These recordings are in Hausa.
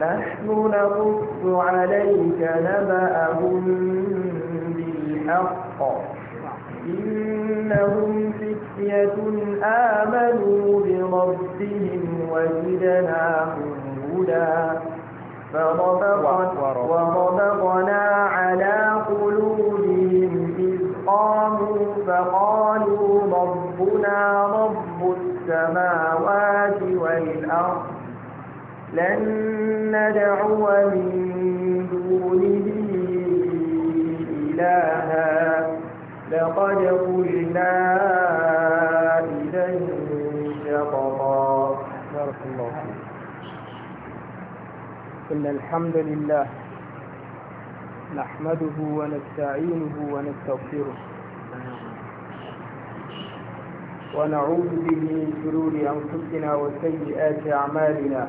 نحن نقص عليك نبأهم بالحق إنهم فتية آمنوا بربهم وزدناهم هدى فربطنا على قلوبهم إذ قاموا فقالوا ربنا رب السماوات والأرض لن ندعو من دونه إلها لقد قلنا إذا شططا بارك الله فيك إن الحمد لله نحمده ونستعينه ونستغفره ونعوذ به من شرور أنفسنا وسيئات أعمالنا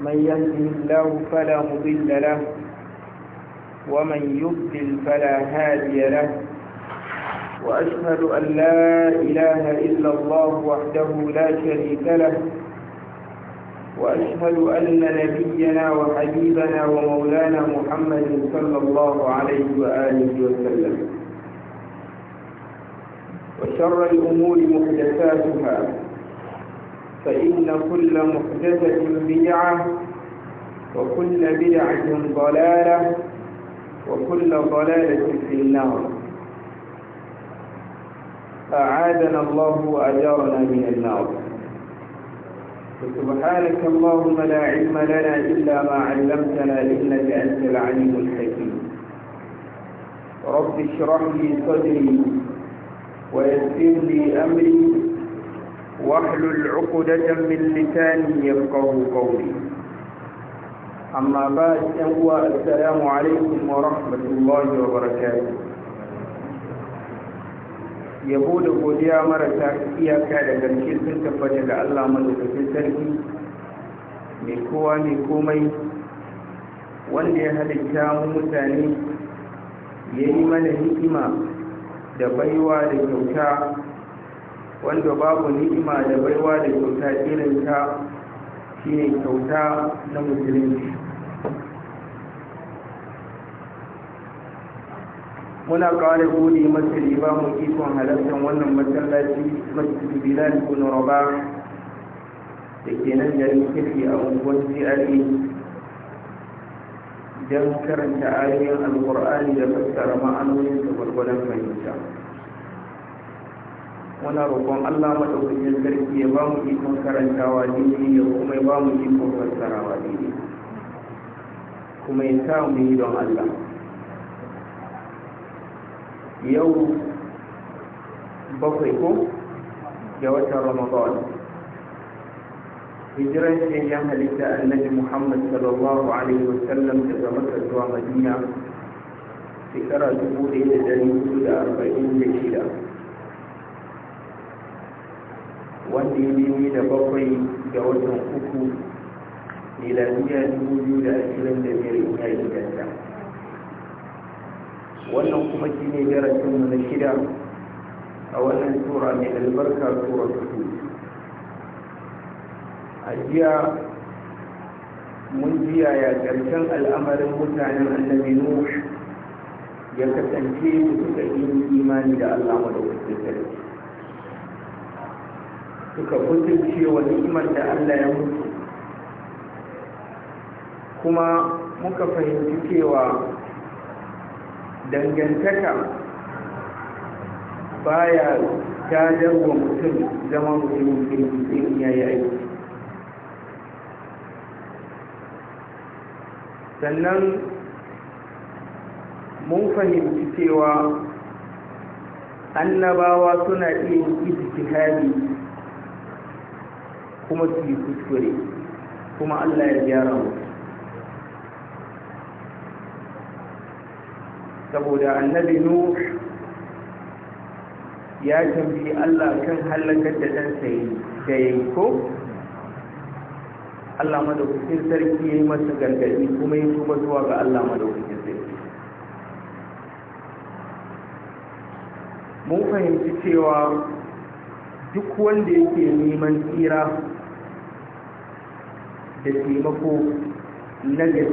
من يهده الله فلا مضل له ومن يضلل فلا هادي له وأشهد أن لا إله إلا الله وحده لا شريك له وأشهد أن نبينا وحبيبنا ومولانا محمد صلى الله عليه وآله وسلم وشر الأمور محدثاتها فإن كل محدثة بدعة وكل بدعة ضلالة وكل ضلالة في النار أعادنا الله وأجارنا من النار سبحانك اللهم لا علم لنا إلا ما علمتنا إنك أنت العليم الحكيم رب اشرح لي صدري ويسر لي أمري واحلل عقدة من لساني يفقه قولي أما بعد أهو السلام عليكم ورحمة الله وبركاته yabo da godiya marasa iyaka da garke sun tabbata da Allah madaukakin sarki mai kowa mai komai wanda ya halitta mu mutane ya yi mana hikima da baiwa da kyauta wanda babu ni'ima da baiwa da kyauta irin ta shine kyauta na musulunci muna kawai gode masjidi ba mu ikon halartar wannan masallaci masjidi bilal kun roba da ke nan da kirki a unguwar jirage don karanta ayoyin alkur'ani da fassara ma'anonin da gwargwadon fahimta muna roƙon Allah maɗaukakin sarki ya ba mu ikon karantawa daidai ya kuma ya ba mu ikon fassarawa daidai kuma ya sa mu yi don Allah yau bakwai ko da watan Ramadan hijiran shayyan halitta annabi Muhammad sallallahu alaihi wasallam daga Makka zuwa Madina shekara dubu ɗaya da ɗari hudu da arba'in da shida wanda ya nemi da bakwai ga watan uku miladiya dubu biyu da ashirin da biyar in ya yi ganta wannan kuma shi ne darasinmu na shida a wannan tura mai albarka tura fito a jiya mun jiya ya ƙarshen al'amarin mutanen annabi nuhu ya kasance su suka yi imani da allah madawacin sarki suka kusurce wa ni'imar da Allah ya mutu kuma muka fahimci cewa dangantaka baya gadar wa mutum zama mutum in ya yi aiki sannan mun fahimci cewa annabawa suna iya yin ijtihadi kuma su yi kuskure kuma Allah ya gyara mu saboda annabi nu ya tambayi Allah kan halakar da ɗan yi da yayi ko Allah madaukakin sarki ya yi masa gargaɗi kuma ya tuba zuwa ga Allah madaukakin sarki mun fahimci cewa duk wanda yake neman tsira da taimako na gaske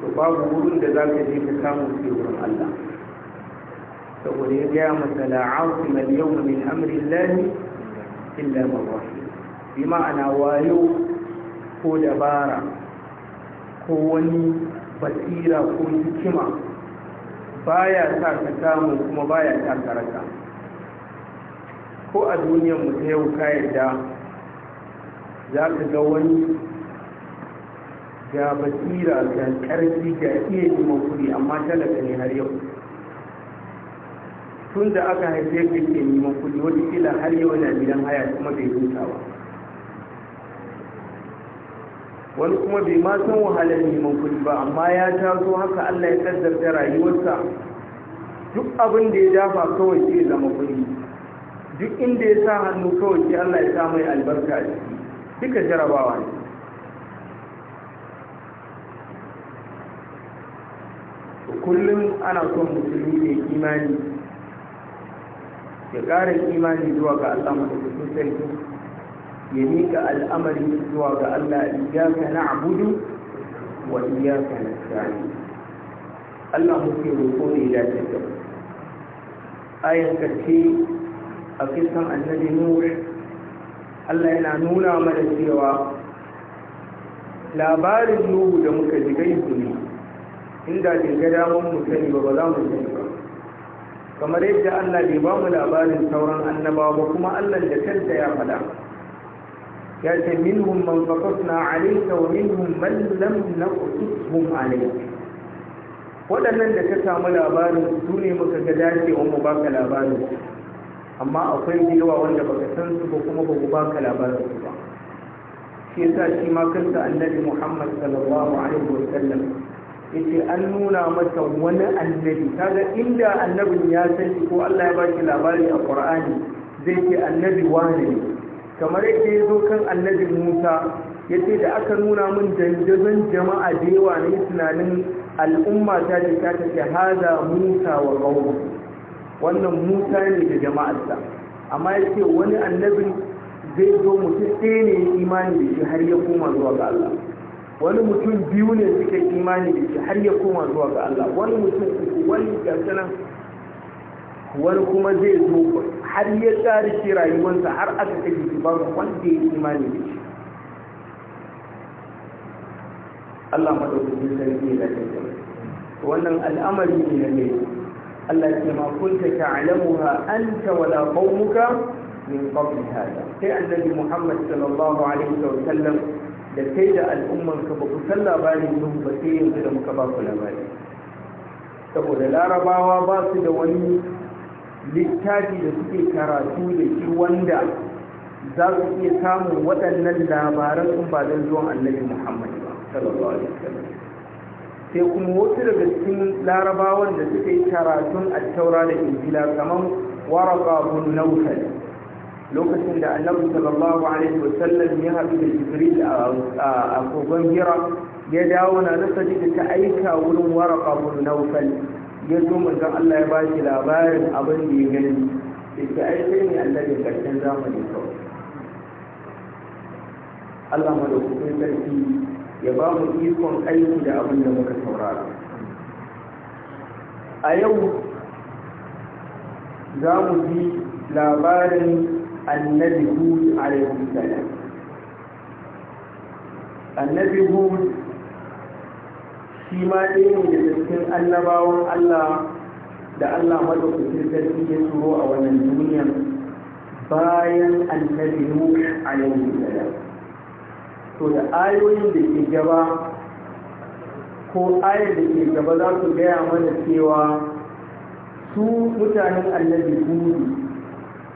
to babu wurin da za ka je ka samu sai wurin Allah saboda ya gaya masa la'asim al-yawma min amri Allah illa ma rahim bi ma'ana wayo ko dabara ko wani basira ko hikima baya sa ka samu kuma baya sa ka ko a duniyar mu ta yau ka yadda za ka ga wani ga basira ga karfi ga iya yi kuɗi amma talaka ne har yau tun da aka haife ka ke yi kuɗi wata kila har yau na gidan haya kuma bai huta ba wani kuma bai ma san wahalar yi kudi ba amma ya taso haka Allah ya kaddarta rayuwarsa duk abin da ya dafa kawai sai zama kuri duk inda ya sa hannu kawai ke Allah ya sa mai albarka a ciki duka jarabawa ne kullum ana son musulmi ne imani ya ƙarin imani zuwa ga Allah madaukakin sarki ya miƙa al'amari zuwa ga Allah iyaka na abudu wa iyaka na sani Allah muke roƙo ne da ta gaba ayan karshe a kisan annabi Nuh Allah yana nuna mana cewa labarin Nuhu da muka ji gaisu ne inda bai ga damar mu sani ba ba za mu sani ba kamar yadda Allah bai ba mu labarin sauran annabawa ba kuma Allah da kanta ya faɗa ya ce minhum man faqasna alayka wa minhum man lam naqsushum alayka waɗannan da ka samu labarin su ne muka ga dacewa mu baka labarin amma akwai yawa wanda baka san su ba kuma ba ku baka labarin su ba shi yasa shi ma kansa annabi Muhammad sallallahu alaihi wa sallam yace an nuna mata, wani annabi kaga inda annabin ya sani ko Allah ya baki labari a Qur'ani zai ce annabi wani kamar yadda ya zo kan annabi Musa yace da aka nuna min dandazon jama'a da yawa ne tunanin al'umma ta ce ta ce hada Musa wa qawmu wannan Musa ne da jama'arsa amma yace wani annabi zai zo mutum ɗaya ne imani da shi har ya koma zuwa ga Allah wani mutum biyu ne suka imani da shi har ya koma zuwa ga Allah wani mutum uku wani gasanan wani kuma zai zo har ya tsari shi rayuwarsa har aka kashe shi babu wanda ya imani da shi Allah madaukakin sarki ya dace da wannan al'amari ne na ne Allah ya ce ma kunta ta'lamuha anta wala qaumuka min qabl hada sai annabi Muhammad sallallahu alaihi wa sallam da kai da al'ummanka ba ku san labarin nuhu ba sai yanzu da muka ba ku labari saboda larabawa ba su da wani littafi da suke karatu da shi wanda za su iya samun waɗannan labaran sun ba don zuwan annabi muhammad ba sallallahu alaihi wasallam sai kuma wasu daga cikin larabawan da suka karatun a taura da injila kamar waraka bin lokacin da annabi sallallahu alaihi wasallam ya haɗu da jibril a kogon hira ya dawo na nasa jiki ta aika wurin waraka bin naufal ya zo manzon Allah ya bashi labarin abin da ya gani da ita aika ne annabin karshen zamani kawai Allah madaukakin sarki ya ba mu ikon aiki da abin da muka saurara a yau za mu bi labarin annabi hud alaihi salam annabi hud shi ma ɗaya da cikin annabawan allah da allah madaukakin sarki ya turo a wannan duniyar bayan annabi nuh alaihi salam to da ayoyin da ke gaba ko ayar da ke gaba za su gaya mana cewa su mutanen annabi hudu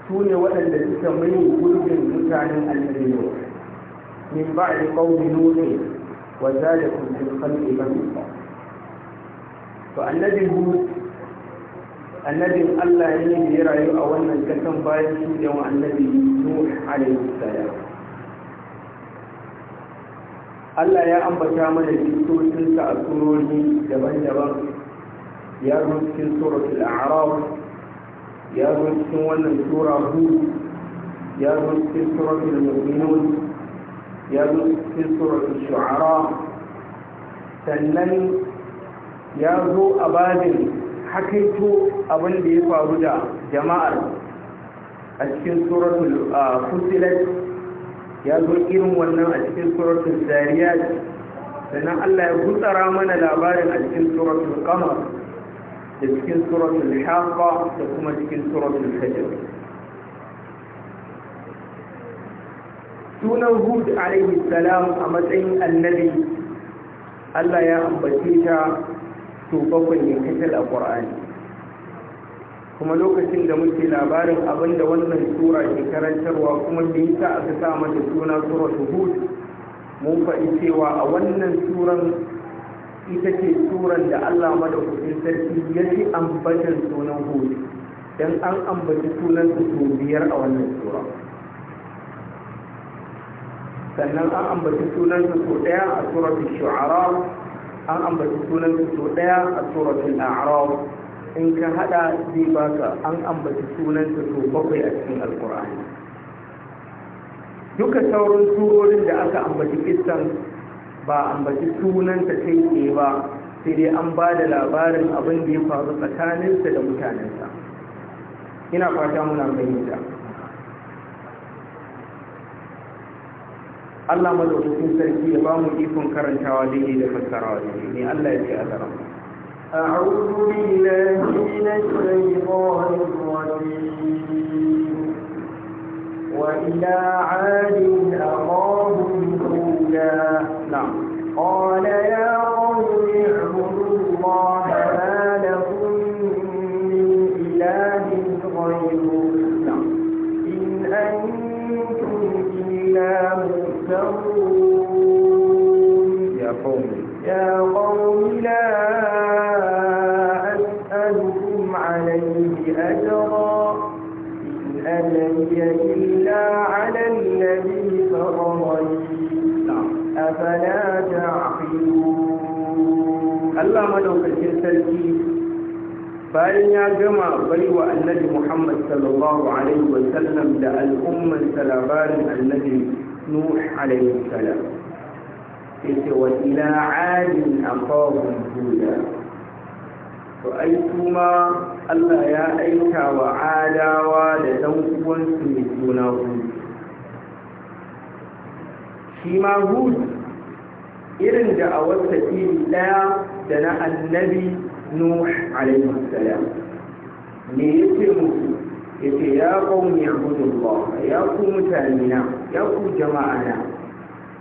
su ne waɗanda suka mai gurbin mutanen annabi ne ba ba'di ƙauni nuh wa zadakum fil khalqi bamsa to annabi hud annabin Allah ne da ya rayu a wannan kasan bayan shi da annabi nuh alaihi salam Allah ya ambata mana jisotinsa a surori daban-daban ya rubuta cikin suratul a'raf ya zo cikin wannan sura hu ya zo cikin suratul mu'minun ya zo cikin suratul shu'ara sannan ya zo a babin hakaito abin da ya faru da jama'ar a cikin suratul fusilat ya zo irin wannan a cikin suratul zariyat sannan Allah ya gutsara mana labarin a cikin suratul qamar da cikin suratul haqqa da kuma cikin suratul fajr sunan hud alaihi salam a matsayin annabi Allah ya ambace ta to bakwai ne a Qur'ani kuma lokacin da muke labarin abinda wannan sura ke karantarwa kuma me yasa aka sa mata suna suratul hud mun faɗi cewa a wannan suran ita ce turan da Allah madaukakin sarki ya fi ambatar sunan hudu don an ambaci sunansa sau biyar a wannan tura sannan an ambaci sunansa sau ɗaya a suratul shu'ara an ambaci sunansa sau ɗaya a suratul a'raf in ka hada zai baka an ambaci sunansa sau bakwai a cikin alkur'ani duka saurin surorin da aka ambaci kissan ba ambaci sunanta kai ke ba sai dai an ba da labarin abin da ya faru tsakaninsa da mutanensa ina fata muna fahimta Allah madaukakin sarki ya ba mu ikon karantawa daidai da fassarawa daidai ne Allah ya ce a tsaron أعوذ بالله من الشيطان الرجيم وإلى عاد أخاهم هودا نعم قال يا قوم اعبدوا الله ما لكم من إله غيره نعم إن أنتم إلا مفترون يا قوم يا قوم لا أسألكم عليه أجرا إن أجري إلا على أفلا تعقلون الله مدوكتين سلكي bayan ya gama baiwa annabi muhammad sallallahu alaihi wasallam da al'ummarsa labarin annabi nuh alaihi salam yace wa ila adin aqahum huda to ai kuma Allah ya aika wa adawa da dan uwansu mai suna hud shi ma irin da a wata iri ɗaya da na annabi nuh alaihi salam me yake musu yake ya qaumi ibudullah ya ku na, ya ku na.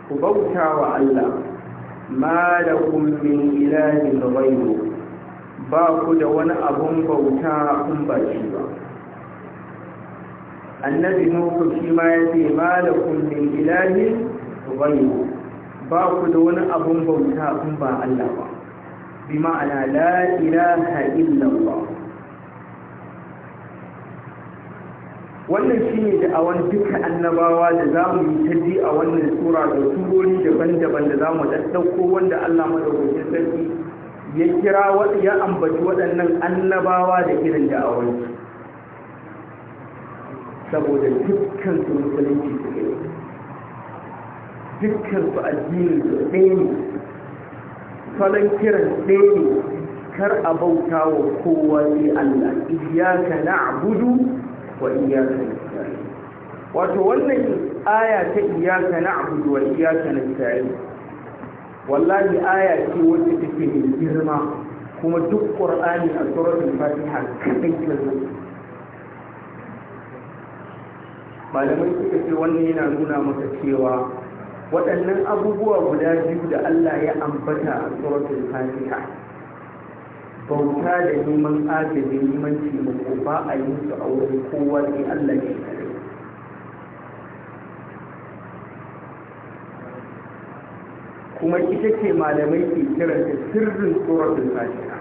ku bauta wa Allah ma lakum min ilahin ghayru ba ku da wani abun bauta kun ba shi ba annabi nuh shi ma yace ma lakum min ilahin ghayru ba ku da wani abun bauta in ba Allah ba bi ma'ana la ilaha illallah wannan shine awan duka annabawa da za mu yi taji a wannan sura da surori daban-daban da za mu ɗaɗɗauko wanda Allah madaukakin sarki ya kira ya ambaci waɗannan annabawa da irin da'awansu saboda dukkan su musulunci su dukkan su addini ɗaya ne falon kiran ɗaya ne kar a bauta wa kowa ne Allah iyaka abudu wa iyaka nasta'in wato wannan aya ta iyaka abudu wa iyaka nasta'in wallahi aya ce wacce take mai girma kuma duk ƙur'ani a suratul fatiha kadai ta zo malamai suka ce wannan yana nuna maka cewa waɗannan abubuwa guda biyu da Allah ya ambata a suratul fatiha bauta da neman agaji neman taimako ba a yi su a wurin kowa sai Allah ne kare kuma ita ce malamai ke kiranta sirrin suratul fatiha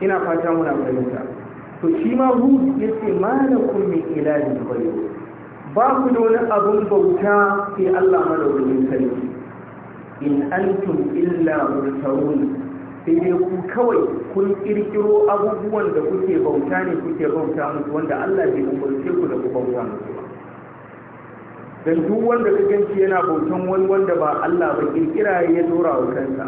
ina fata muna fahimta to shi ma hud yace malakum min ilahin ghayru ba ku da wani abin bauta sai Allah madaukakin sarki in antum illa murtarun sai dai ku kawai kun kirkiro abubuwan da kuke bauta ne kuke bauta musu wanda Allah bai umarce ku da ku bauta musu ba dan duk wanda ka ganci yana bautan wani wanda ba Allah ba kirkira ya dora wa kansa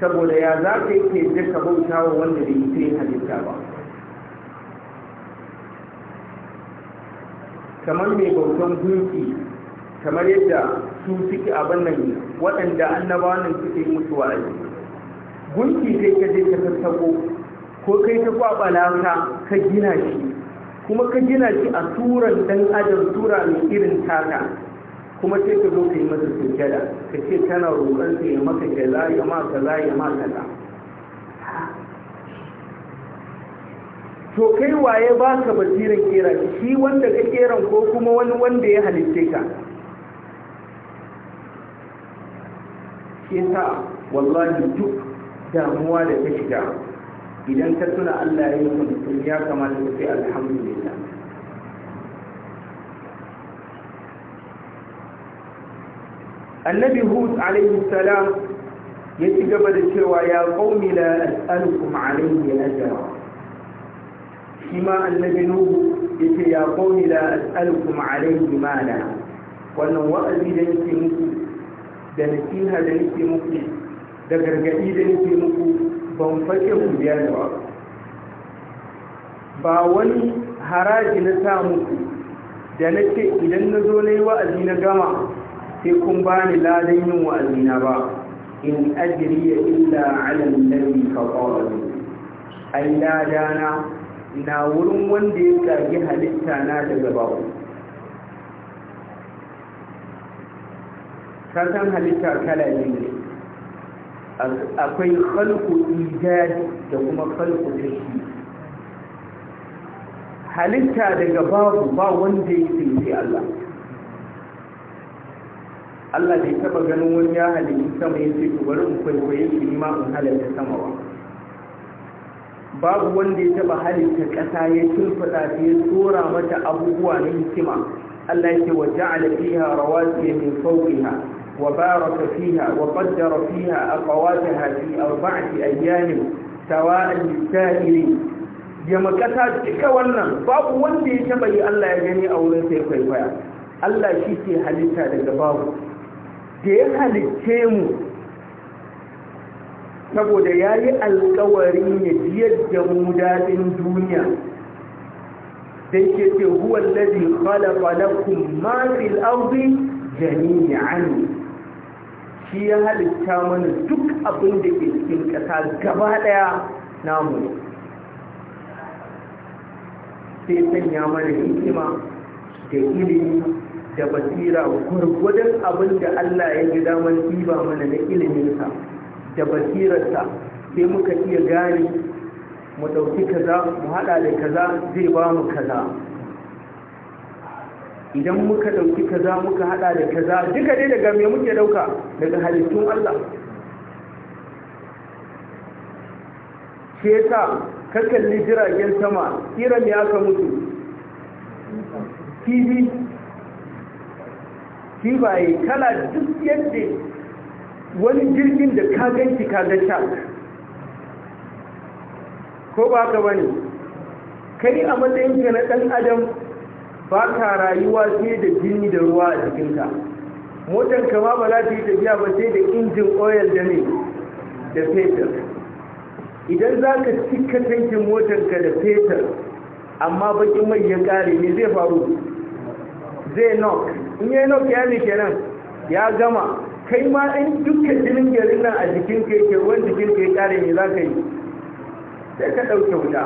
saboda ya za ka jaka bautawa ka bauta wa wanda bai yi halitta ba kamar mai bautan gunki kamar yadda su suke abin nan waɗanda annabawan nan suke musu wa'azi gunki kai ka je ka tattako ko kai ta kwaɓala ka ka gina shi kuma ka gina shi a turan dan adam tura mai irin taka kuma sai ka zo ka yi masa sujjada ka ce kana roƙon ya maka kaza ya maka kaza ya maka. to kai waye ba ka basirin kera shi wanda ka keran ko kuma wani wanda ya halitte ka ke sa wallahi duk damuwa da ta shiga idan ka tuna allah ya yi mutum ya kamata ka sai alhamdulillah annabi hud alaihi salam ya ci gaba da cewa ya qaumi la as'alukum alayhi ajra shi ma annabi nuhu yace ya qawmi la as'alukum alayhi mala wannan wa'azi da nake muku da nasiha da nake muku da gargadi da nake muku ban fake ku biya da ba ba wani haraji na sa muku da nake idan na zo na yi wa'azi na gama sai kun ba ni ladan yin wa'azi na ba in ajriya illa ala alladhi fatara ai ladana na wurin wanda ya kage halitta na daga bawo kasan halitta kala ne akwai halku ijad da kuma halku tashi halitta daga babu ba wanda ya sai Allah Allah ya taba ganin wani ya halitta sama ya to bari in kwaikwaye shi ma in halatta sama ba babu wanda ya taba halitta ƙasa ya tulfada ta ya tsora mata abubuwa na hikima Allah yake wa ja'ala fiha rawasiya min fawqiha wa baraka fiha wa qaddara fiha aqwataha fi arba'ati ayyam sawa'an lis-sa'irin yamma ƙasa duka wannan babu wanda ya taba yi Allah ya gani a wurin sai kwaikwaya Allah shi ke halitta daga babu da ya halicce mu saboda ya yi alkawarin ya biyar da mu daɗin duniya don ke ce huwan lazi khalaqa lakum ma fil ardi jami'an shi ya halitta mana duk abin da ke cikin ƙasa gaba ɗaya namu sai sanya mana hikima da ilimi da basira gwargwadon abin da Allah ya ji damar ɗiba mana na iliminsa da basirarsa sai muka iya gane mu ɗauki kaza mu haɗa da kaza zai ba mu kaza idan muka ɗauki kaza muka haɗa da kaza duka dai daga me muke ɗauka daga halittun Allah Ke sa kakalli jiragen sama kira me aka mutu kifi tv kala duk yadda wani jirgin da ka ganki ka ga sha ko ba ka bane kai a matsayinka na ɗan adam ba ka rayuwa sai da jini da ruwa a jikinka motar kama ba za ta yi tafiya ba sai da injin oil da ne da fetur idan za ka cika tankin motarka da fetur amma bakin mai ya kare ne zai faru zai nok in yi nok ya ne kenan ya gama kai ma in dukkan jinin gari na a jikin ka yake ruwan jikin ka ya kare ne za ka yi sai ka ɗauke wuta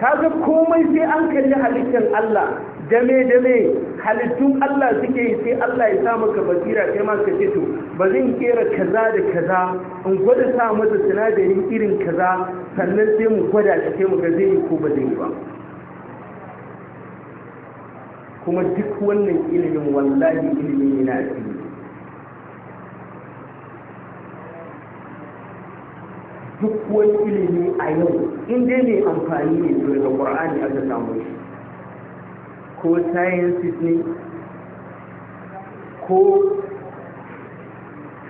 ga komai sai an kalli halittar Allah dame-dame halittun Allah suke yi sai Allah ya sa maka basira kai ma ka ce to ba zan kera kaza da kaza in gwada sa masa sinadarin irin kaza sannan sai mu gwada shi sai mu ga zai yi ko ba zai yi ba kuma duk wannan ilimin wallahi ilimin yana cikin duk wani ilimi a yau in dai mai amfani ne to daga ƙwar'ani aka samu shi ko sciences ne ko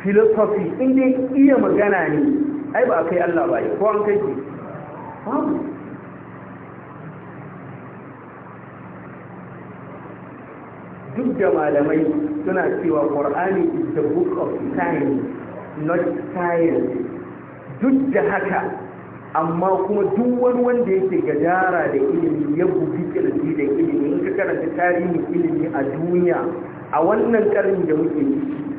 philosophy in dai iya magana ne ai ba kai Allah ba ko an kai duk da malamai suna cewa ƙwar'ani is the book of science not science duk da haka amma kuma duk wani wanda yake gajara da ilimi ya bugi kirji da ilimi in ka karanta tarihin ilimi a duniya a wannan karin da muke ciki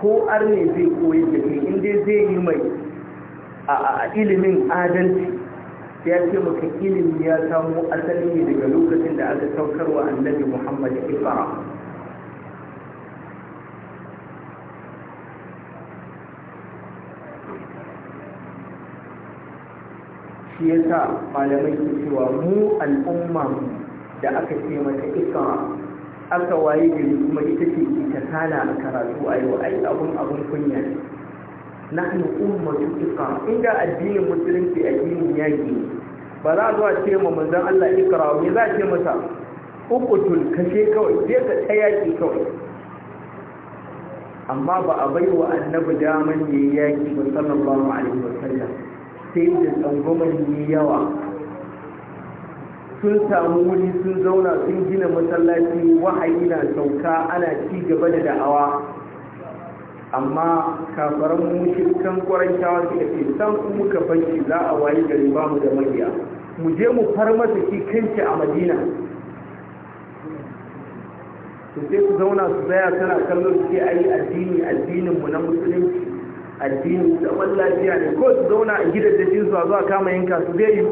ko arne zai koyi da kai in dai zai yi mai a ilimin adalci ya ce maka ilimi ya samo asali ne daga lokacin da aka saukarwa annabi muhammad ifara shi yasa malamai ke cewa mu al'umma da aka ce mata ikra aka waye gari kuma ita ce ta kala a karatu a yau ai abun abun kunya nahnu ummatu ikra inda addinin musulunci addinin yaki ba za a zuwa ce ma manzon Allah ikra me za a ce masa uqutul kashe kawai sai ka tsayaki kawai amma ba a baiwa annabi daman yayi yaki ba sallallahu alaihi wasallam sai da tsangwamar yi yawa sun samu wuri sun zauna sun gina masallaci wahayi na sauka ana ci gaba da da'awa amma kafaran mushirkan kwarantawa da ke san muka banki za a wayi gari ba mu da magiya mu je mu far masa shi kanci a madina su sai su zauna su tsaya tana kallon su ke ayi addini addinin mu na musulunci addini zaman lafiya ne ko su zauna a gidan da jinsu a zuwa kama yin kasu zai yi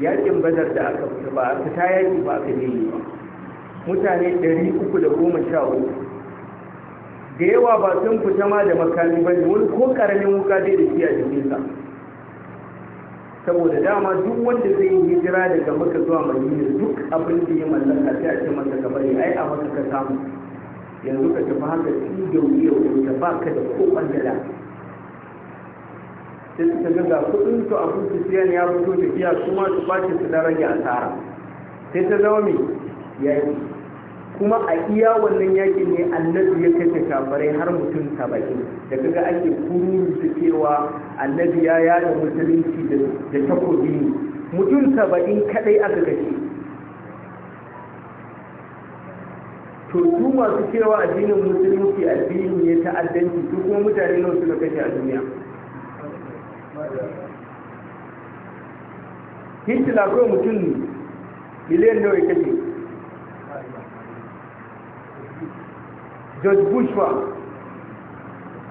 yakin badar da aka fita ba a fita yaki ba aka yi ba mutane 313 da yawa ba sun fita ma da makami ba ne wani ko karamin wuka dai da shi a jikinsa saboda dama duk wanda zai yi hijira daga maka zuwa madina duk abin da ya mallaka sai a ce masa kabari ai a maka ka samu yanzu ka tafi haka tun da wuya ta ba ka da kowan dala sai suka ga ga kudin su a kusa siyan ya fito tafiya kuma su bace su na rage asara sai ta zama mai yaƙi. kuma a iya wannan yakin ne annabi ya kashe kafarai har mutum saba'in da kaga ake kururu su cewa annabi ya yada musulunci da takobi mutum saba'in kadai aka kashe to su masu cewa addinin musulunci addini ne ta addanci su kuma mutane nawa suka kashe a duniya hitila kawai mutum miliyan nawa ya kashe george bush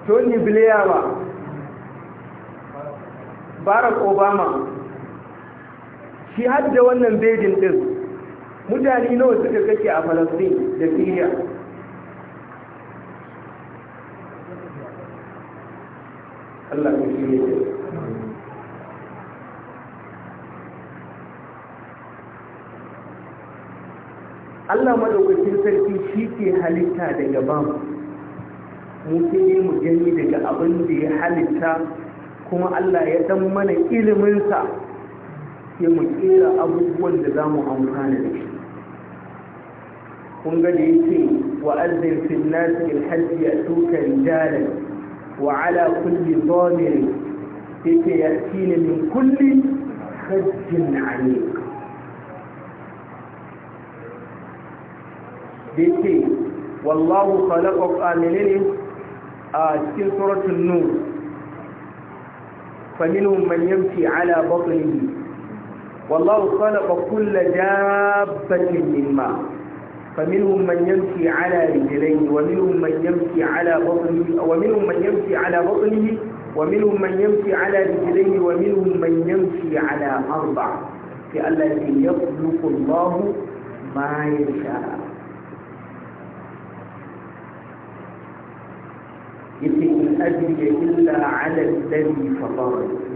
To tony blair ba. barack obama shi hadda wannan bejin din mutane nawa suka kake a falastin da siriya Allah ya shirya Allah madaukakin sarki shi ke halitta daga bam mu sai mu gani daga abin da ya halitta kuma Allah ya dan mana iliminsa ya mu kera abubuwan da za mu amfana da shi kun ga da yake wa azzin fil nas bil hajj yatuka rijalan wa ala kulli dhamir yake yatina min kulli hajjin aniq yake wallahu khalaqa amilin a cikin suratul nur فمنهم من يمشي على بطنه والله خلق كل دابة من ماء فمنهم من يمشي على رجليه ومنهم من يمشي على بطنه ومنهم من يمشي على بطنه ومنهم من يمشي على رجليه ومنهم من يمشي على أربع في الذي يخلق الله ما يشاء yace in ajiye illa ala alladhi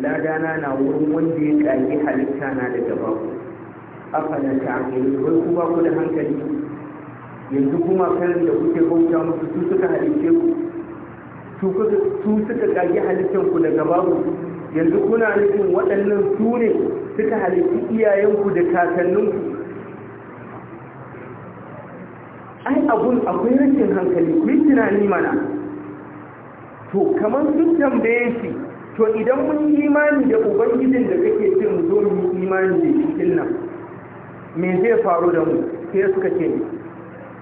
لا ladana na wurin wanda ya kage halitta na daga babu afala ta'qilu wai kuma ku da hankali yanzu kuma kan da kuke bauta musu su suka halice ku su suka gagi halittar ku daga babu yanzu kuna nufin waɗannan su ne suka halitti iyayenku da kakanninku ai abun akwai rashin hankali ku yi tunani mana to kamar sun tambaye shi to idan mun yi imani da ubangijin da kake cin zo mu yi imani da shi nan me zai faru da mu sai suka ce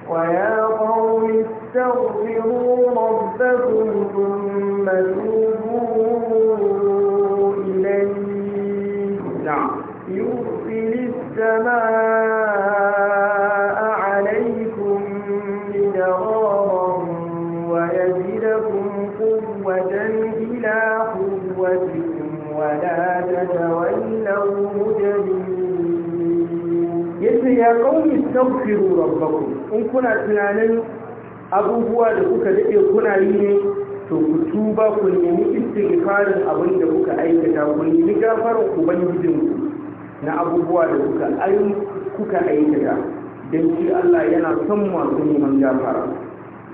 ويا قوم استغفروا ربكم ثم توبوا إليه نعم يرسل السماء عليكم مدرارا ويزدكم قوة إلى قوتكم ولا تتولوا مجرمين يا قوم استغفروا ربكم in kuna tunanin abubuwa da kuka daɗe kuna yi ne to ku tuba ku nemi istighfarin abin da kuka aikata ku nemi gafarar ku na abubuwa da kuka ayi kuka aikata don shi Allah yana son masu neman gafara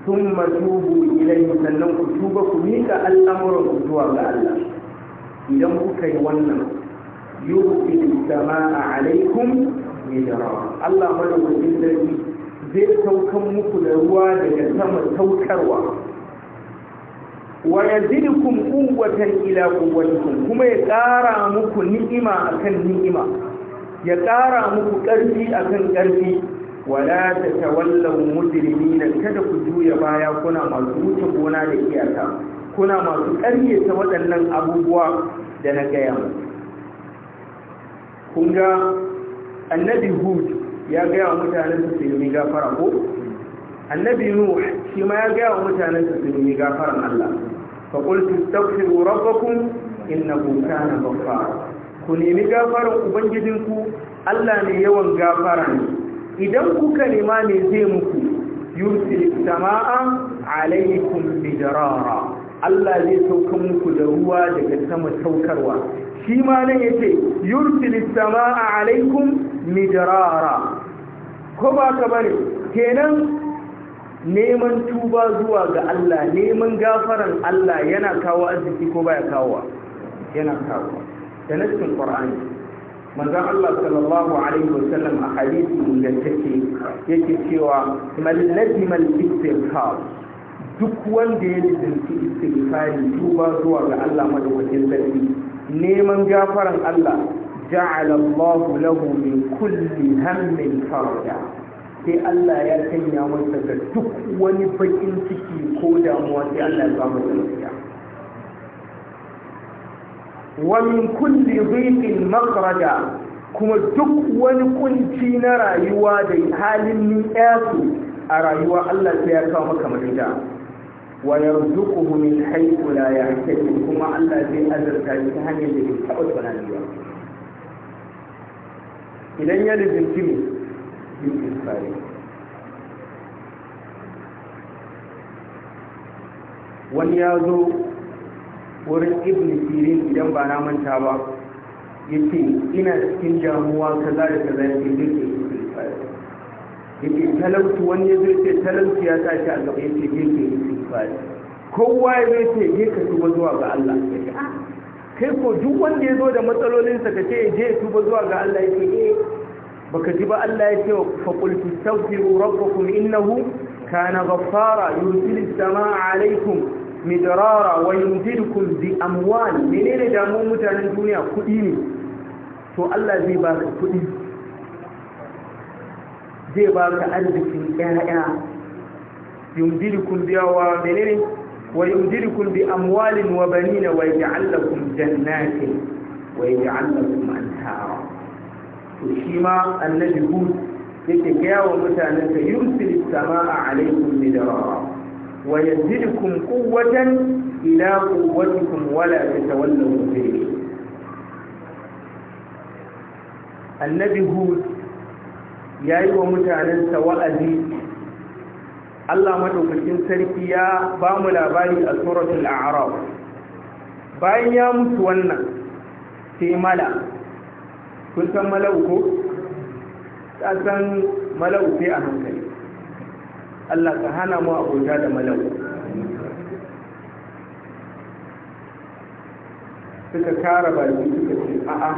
sun matubu ilaihi, sannan ku tuba ku miƙa al'amuran zuwa ga Allah idan kuka yi wannan yuhu sama'a alaikum mai Allah madaukakin sarki zai saukan muku da ruwa daga sama saukarwa wa yazidukum quwwatan ila quwwatikum kuma ya kara muku ni'ima akan ni'ima ya ƙara muku ƙarfi akan ƙarfi wala tatawallaw mujrimina kada ku juya baya kuna masu wuce gona da iyaka kuna masu ta waɗannan abubuwa da na gaya muku kun ga annabi hudu ya gaya wa mutanen su su gafara ko annabi nuh shi ma ya gaya wa mutanen su su nemi gafaran Allah fa qul tastaghfiru rabbakum innahu kana ghaffar ku nemi gafaran ubangijinku Allah ne yawan gafara ne idan kuka nema ne zai muku yursil samaa Alaykum bijarara Allah zai sauka muku da ruwa daga sama saukarwa shi ma nan yace yursil samaa alaikum midrara ko ba ka bane kenan neman tuba zuwa ga Allah neman gafaran Allah yana kawo arziki ko baya kawo yana kawo da nassin qur'ani manzo Allah sallallahu alaihi wasallam a hadisi ingantacce yake cewa mal lazima al-istighfar duk wanda ya lizinci istighfari tuba zuwa ga Allah madaukakin sarki neman gafaran Allah جعل الله له من كل هم فرجا sai Allah ya sanya masa da duk wani bakin ciki ko damuwa sai Allah ya ba lafiya wa min kulli dhiqin kuma duk wani kunci na rayuwa da halin niyasu a rayuwa Allah sai ya kawo maka mafita wa yarzuquhu min haythu la kuma Allah zai azurta shi hanyar da taɓa idan ya lizinci ne bil tsari wani ya zo wurin ibn sirin idan ba na manta ba ya ce ina cikin damuwa kaza da kaza ya ce yake ya ce talautu wani ya zai ce talautu ya tashi a gaba ya ce yake isfari kowa ya zai ce ka tuba zuwa ga Allah ya ce ah, kai ko duk wanda ya zo da matsalolinsa ka ce je ya tuba zuwa ga Allah ce. eh baka ji ba Allah yake fa qul tastaghfiru rabbakum innahu kana ghaffara yursilu samaa alaykum midrara wa yumdidukum bi amwal menene damu mutanen duniya kudi ne to Allah zai baka kudi zai baka arzikin ƴaƴa biya wa menene ويمددكم بأموال وبنين ويجعل لكم جنات ويجعل لكم أنهارا وشيما النبي هود يتكاوى متانا يرسل السماء عليكم مدرارا ويزدكم قوة إلى قوتكم ولا تتولوا مجرمين النبي هود يا أيها متانا سواء Allah madaukakin sarki ya ba mu labari a suratul a'raf bayan ya mutu wannan sai mala kun san mala'u ko ta san mala'u sai a hankali Allah ka hana mu abota da mala'u suka kara baki suka ce a'a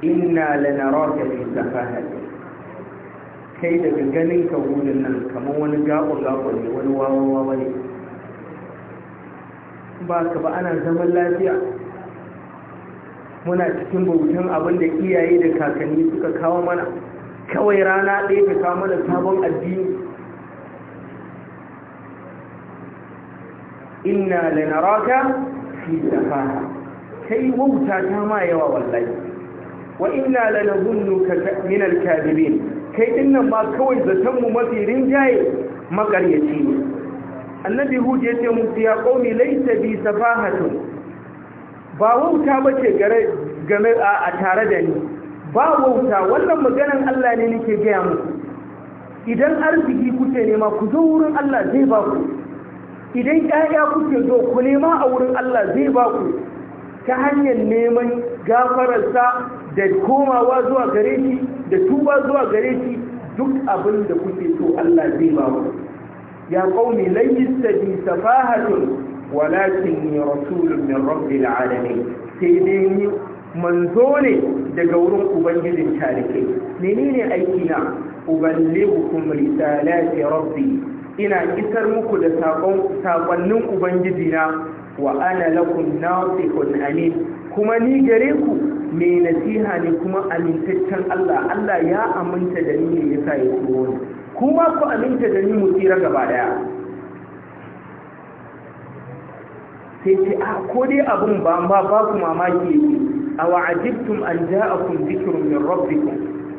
inna lanaraka fi safahatin kai daga ganin ka gudun nan kamar wani gaɓo-gaɓo ne wani wawawa ne ba ka ba ana zaman lafiya muna cikin bautan abin da iyaye da kakanni suka kawo mana kawai rana ɗaya ka kawo mana sabon addini inna da naraka fi safaha kai wauta ta ma yawa wallahi wa inna na nazunnuka ka minar kadibin kai din nan ma kawai zaton mu mafi rinjaye makaryaci ne annabi hud ya ce ya qaumi laysa bi safahatun ba wauta bace gare game a tare da ni ba wauta wannan maganan Allah ne nake gaya muku idan arziki kuke nema ku zo wurin Allah zai ba ku idan ƴaƴa kuke zo ku nema a wurin Allah zai ba ku ta hanyar neman gafararsa da komawa zuwa gare shi da tuba zuwa gare shi duk abin da kuke so Allah zai ba ku ya qaumi lan yastabi safahatun walakin ni rasulun min rabbil alamin sai dai ni manzo ne daga wurin ubangijin tarike menene aiki na uballighukum risalati rabbi ina isar muku da sakon sakonnin ubangijina wa ana lakum nasihun amin kuma ni gare ku mai nasiha ne kuma amintaccen Allah Allah ya aminta da ni ne yasa ya turo ni kuma ku aminta da ni mu tsira gaba daya sai ce a ah, ko dai abun ba ba ku mamaki yake a wa'ajibtum an ja'akum dhikrun min rabbikum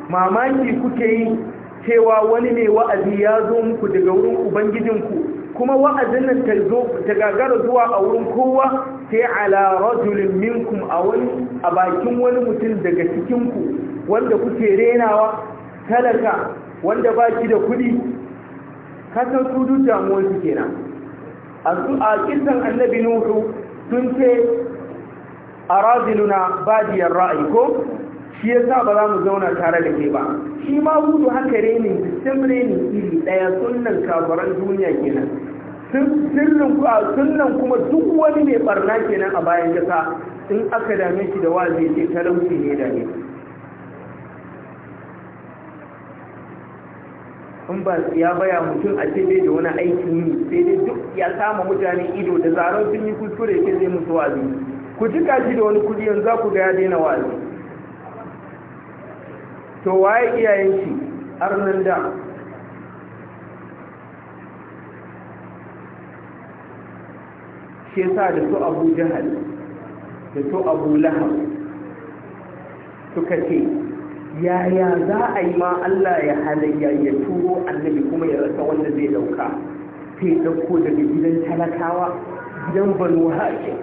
mamaki kuke yi cewa wani ne wa'azi ya zo muku daga wurin ubangijinku kuma wa'azin nan ta zo ta gagara zuwa a wurin kowa sai ala rajulin minkum a wani bakin wani mutum daga cikin ku wanda kuke renawa talaka wanda baki da kuɗi kasan su duk damuwar su kenan a kisan annabi nuhu sun ce a rajuluna badiyar ra'ayi ko shi ya sa ba za mu zauna tare da ke ba shi ma hudu haka renin sistem iri ɗaya sunan kafaran duniya kenan sunnan kuma duk wani mai barna kenan a bayan jasa, in aka dame shi da wazi ce talauci ne da ne in ba ya baya mutum a ce da wani aikin yi sai dai duk ya sama mutane ido da zarar sun yi kuskure ke zai musu wazi ku ji kashi da wani kudi yanzu za ku ga ya daina wazi to waye iyayen shi har nan da Ke sa da su abu jihar da su abu lahar suka ce yaya za a yi ma Allah ya halayya ya turo annabi kuma ya rasa wanda zai dauka sai dauko daga gidan talakawa gidan banu hashim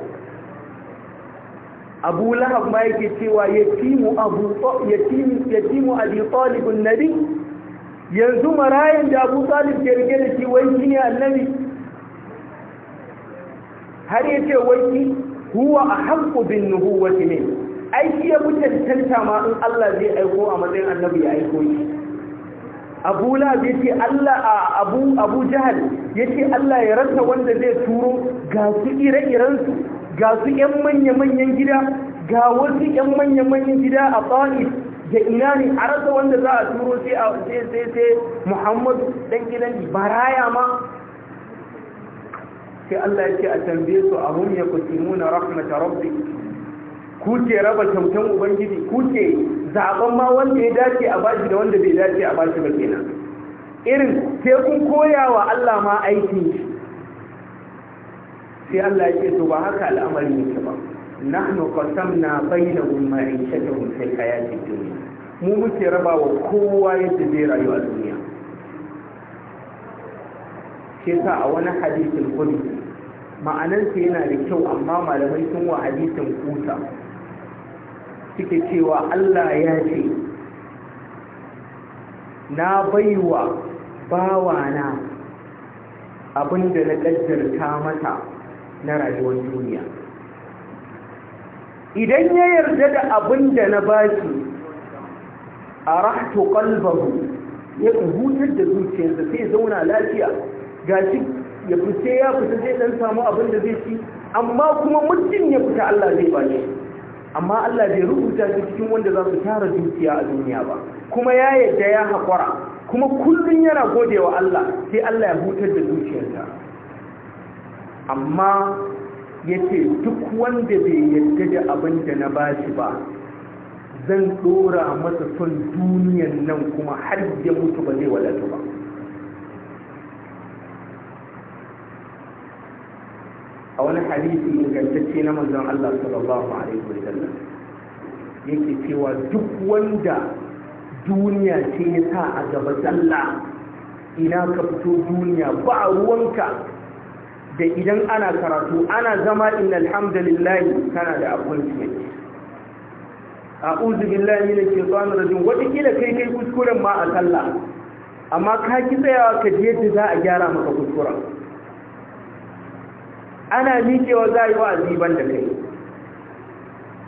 abu lahab ma yake cewa timu abu yatimu yatimu abi talib Nabi? yanzu marayan da abu talib ke rike da shi wai shine annabi har ya ce wai huwa a haƙƙu bin nubuwati ne aiki ya fi cancanta ma in Allah zai aiko a matsayin annabi ya aiko shi abu lab ya ce Allah a abu abu jahal ya ce Allah ya rasa wanda zai turo ga su ire-irensu ga su 'yan manya-manyan gida ga wasu 'yan manya-manyan gida a tsari da ina ne a rasa wanda za a turo sai a sai sai muhammadu dan gidan baraya ma sai Allah ce a tambaye su a hum yakusimuna rahmata rabbi ku ke raba kyautan ubangiji ku ke zaben ma wanda ya dace a bashi da wanda bai dace a bashi ba kenan irin sai kun koya wa Allah ma aikin shi sai Allah ya ce to ba haka al'amari yake ba nahnu qasamna bainahum ma'ishatahum fil hayati dunya mu muke raba wa kowa yadda zai rayu a duniya shi sa a wani hadisin qudsi ma'anarsa yana da kyau amma malamai sun wa hadisin kusa suke cewa Allah ya ce na baiwa bawana da na ƙaddarta mata na rayuwar duniya idan ya yarda da abin da na baki a rahto ƙalbabu ya hutar da zuciyarsa sai zauna lafiya ga shi ya fice ya fita zai dan samu abin da zai ci amma kuma mutum ya fita Allah zai ba shi amma Allah bai rubuta shi cikin wanda za su tara dukiya a duniya ba kuma ya yadda ya haƙura kuma kullum yana godewa Allah sai Allah ya hutar da zuciyarsa amma yace duk wanda bai yadda da abin da na ba shi ba zan dora masa son duniyan nan kuma har ya mutu ba zai wadatu ba a wani hadisi ingantacce na manzon Allah sallallahu alaihi wa sallam yake cewa duk wanda duniya ce ya sa a gaba sallah ina ka fito duniya ba ruwanka da idan ana karatu ana zama innal hamdalillahi kana da appointment a'udhu billahi minash shaitanir rajim wata kila kai kai kuskuren ma a sallah amma ka ki tsayawa ka je ta za a gyara maka kuskuren ana miƙewa za a yi wa'azi ban da kai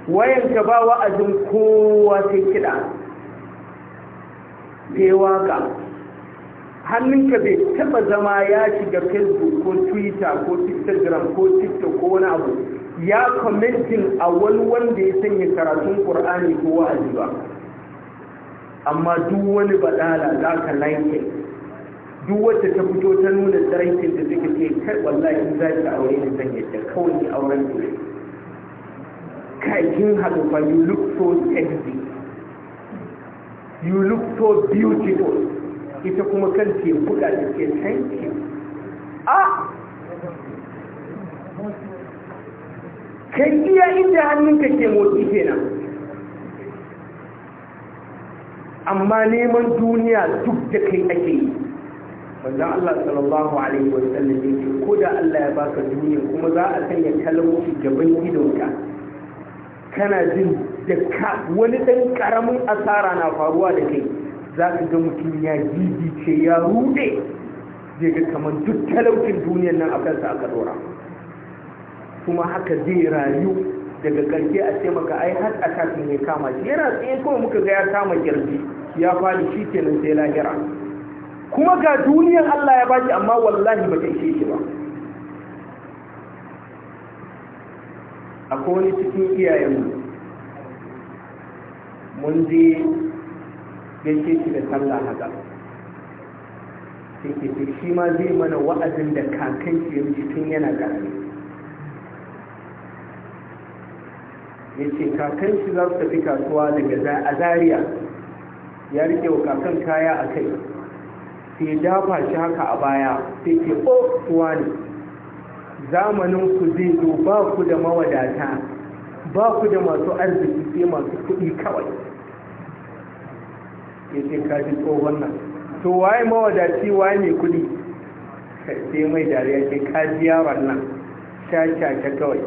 wayanka ba wa'azin kowa sai kiɗa sai waka hannunka bai taɓa zama ya shiga facebook ko twitter ko instagram ko tiktok ko wani abu ya commenting a wani wanda ya sanya karatun ƙur'ani ko wa'azi ba amma duk wani baɗala za ka lanke duk wacce ta fito ta nuna tsaraicin da suke ce kai wallahi za ki aure ni zan yadda kawai ni auren ku kai kin haɗu fa you look so sexy you look so beautiful ita kuma kan ke buɗa da ce thank you a kai iya inda hannunka ke motsi kenan amma neman duniya duk da kai ake yi wanda Allah sallallahu alaihi wa sallam ko da Allah ya baka duniya kuma za a sanya kalmomi gaban idonka kana jin da ka wani dan karamin asara na faruwa da kai za ka ga mutum ya ce ya rude zai ga kamar duk talaucin duniyar nan a kansa aka dora kuma haka zai rayu daga karshe a ce maka ai har a ne kama shi yana tsaye kuma muka ga ya kama kirji ya fadi shi kenan sai lahira kuma ga duniyar Allah ya baki amma wallahi ba ta ishe shi ba akwai wani cikin iyayen mun je gaishe shi da sallah haka sai ke shi ma zai mana wa'azin da kakan shi ya tun yana ƙarfi ya ce kakan shi za su tafi kasuwa daga a zariya ya rike wa kakan kaya a kai sai dafa shi haka a baya sai ke o oh, ne zamanin ku zai zo ba ku da mawadata ba ku da masu arziki sai masu kuɗi kawai ya ce kaji tsohon nan to waye mawadaci waye mai kuɗi sai mai dariya ce kaji yaron nan shashasha kawai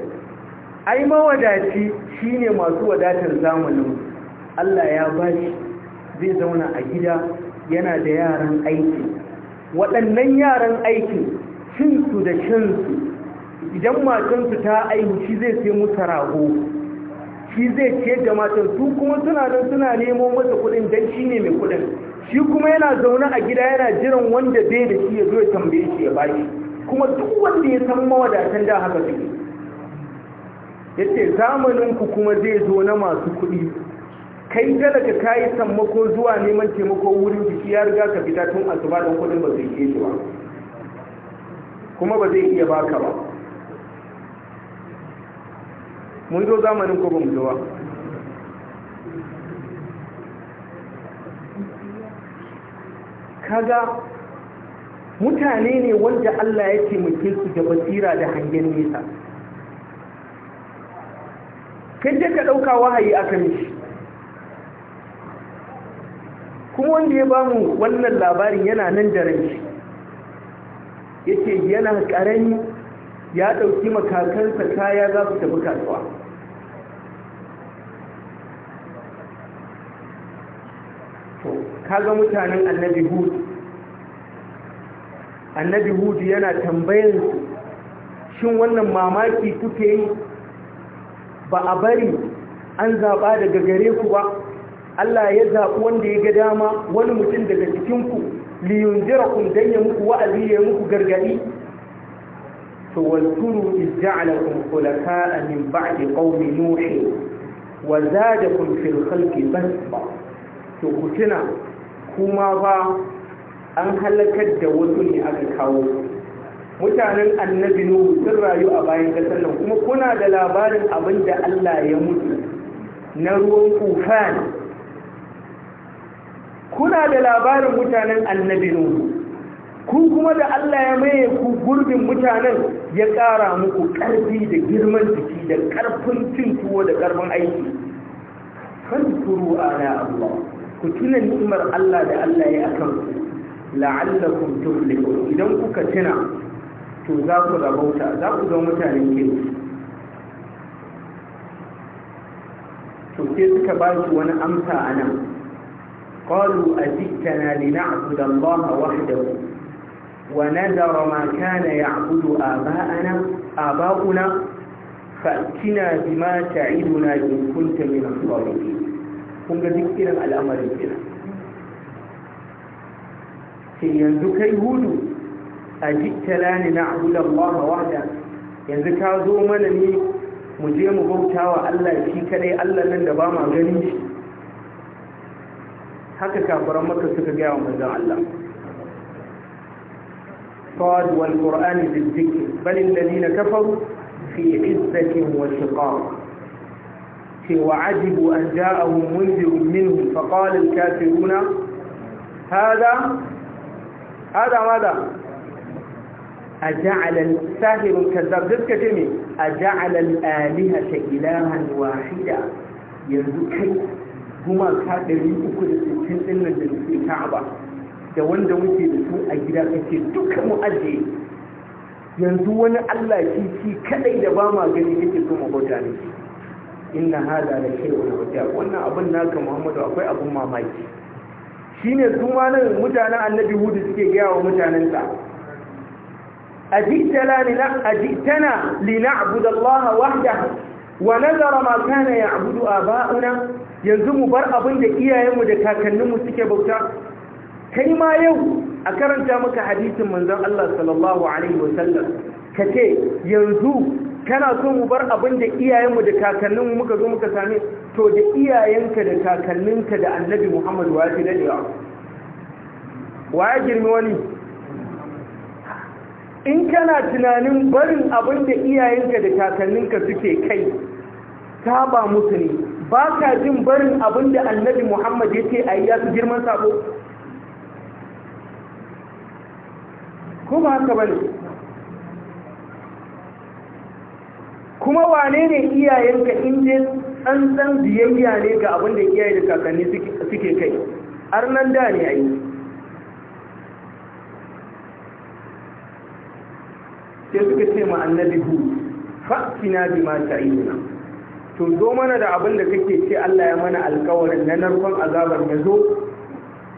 ai mawadaci shine masu wadatar zamanin Allah ya bashi zai zauna a gida yana da yaran aiki waɗannan yaran aiki cinsu da cinsu idan matansu ta aihu shi zai sai musu rago shi zai ce da matan su kuma suna nan suna nemo masa kuɗin don shi ne mai kuɗin shi kuma yana zaune a gida yana jiran wanda zai da shi ya zo ya tambaye shi ya bashi kuma duk wanda ya san mawadatan da haka suke yace zamanin ku kuma zai zo na masu kuɗi kai talaka ka yi sammako zuwa neman taimako wurin jiki ya riga ka fita tun asuba don kudin ba zai iya ba kuma ba zai iya baka ba mun zo zamanin ko ba mu kaga mutane ne wanda Allah ya taimake su da basira da hangen nesa kai ka ɗauka wahayi akan shi kuma wanda ya bamu wannan labarin yana nan da ranci yake yana karani ya dauki makakansa kaya za su tafi kasuwa kaga mutanen annabi hud annabi hud yana tambayar su shin wannan mamaki kuke yi ba a bari an zaba daga gare ku ba Allah ya zaɓi wanda ya ga dama wani mutum daga cikinku liyunzirakun don ya muku wa'azi ya muku gargaɗi to walturu izja'alakum khulaka'a min ba'di qaumi nuh wa zadakum fil khalqi basba to ku tuna kuma ba an halakar da wasu ne aka kawo mutanen annabi nuhu sun rayu a bayan kasar nan kuma kuna da labarin abin da Allah ya mutu na ruwan kufa kuna da labarin mutanen annabi nuhu ku kuma da Allah ya maye ku gurbin mutanen ya ƙara muku ƙarfi da girman jiki da ƙarfin cin tuwo da ƙarfin aiki Kan a ana Allah ku tuna ni'imar Allah da Allah ya akan ku la'allakum tuflihu idan kuka tuna to za ku rabauta za ku zama mutanen kirki to sai suka ba shi wani amsa a nan قالوا أجئتنا لنعبد الله وحده ونذر ما كان يعبد آباءنا آباؤنا فأتنا بما تعيدنا إن كنت من الصالحين kun ga duk irin al'amarin kira ke yanzu kai hudu a jiktalani na abudan maha wahda yanzu ka zo mana ne muje mu bautawa Allah shi kadai Allah nan da ba ma ganin shi haka kafiran maka suka ga wa manzon Allah alladhina والقرآن بالذكر بل الذين كفروا في عزة وشقاق وعجبوا أن جاءهم منذر qala فقال الكافرون هذا هذا ماذا أجعل الساهر الكذاب ذكرتني كلمة أجعل الآلهة إلها واحدا يرزقك gumaka ɗari uku da sittin ɗin nan da suke ka'aba da wanda muke da su a gida kake duka mu ajiye yanzu wani Allah shi shi kadai da ba ma gani kake so mu bauta ne inna hada la shay'un wajib wannan abin naka Muhammadu akwai abin mamaki shine su ma nan mutanen Annabi Hud suke gaya wa mutanen sa ajitana lina ajitana lina'budu Allah wahdahu wa nadhara ma kana ya'budu aba'una yanzu mu bar abin da iyayenmu da kakanninmu suke bauta kai ma yau a karanta maka hadisin manzon Allah sallallahu alaihi wasallam ka ce yanzu kana so mu bar abin da iyayenmu da kakanninmu muka zo muka same to da iyayenka da kakanninka da annabi Muhammad wa ya dade wa ya girmi wani in kana tunanin barin abin da iyayenka da kakanninka suke kai saba musu ne ba ka jin barin abin da annabi muhammad ya ce a yi ya su girman sabo ba haka ne? kuma wane ne iyayenka inda tsantsan biyayya ne ga abin da iyaye da kakanni suke kai har nan da ne a yi sai suka ce ma annabi hu fa'ina bi ma ta'ina to zo mana da abin da kake ce Allah ya mana alkawarin na narkon azabar ya zo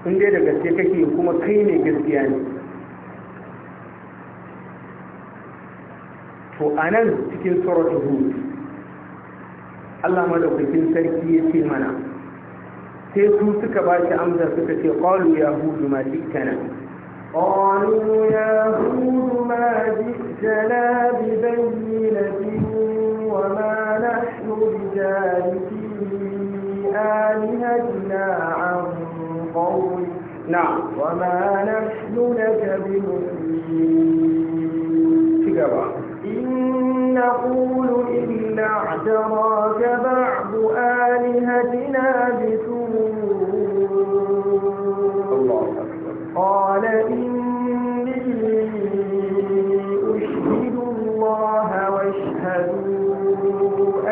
in dai da gaske kake kuma kai ne gaskiya ne to a nan cikin suratul hud Allah madaukakin sarki ya ce mana sai su suka ba shi amsa suka ce qalu ya hudu ma jikkana qalu ya hudu ma jikkana bi bayyinatin wa ma بالرجال آلهتنا عن قولك نعم وما نحن لك بمؤمنين إن نقول إلا اعتراك بعض آلهتنا بسوء الله أكبر قال إن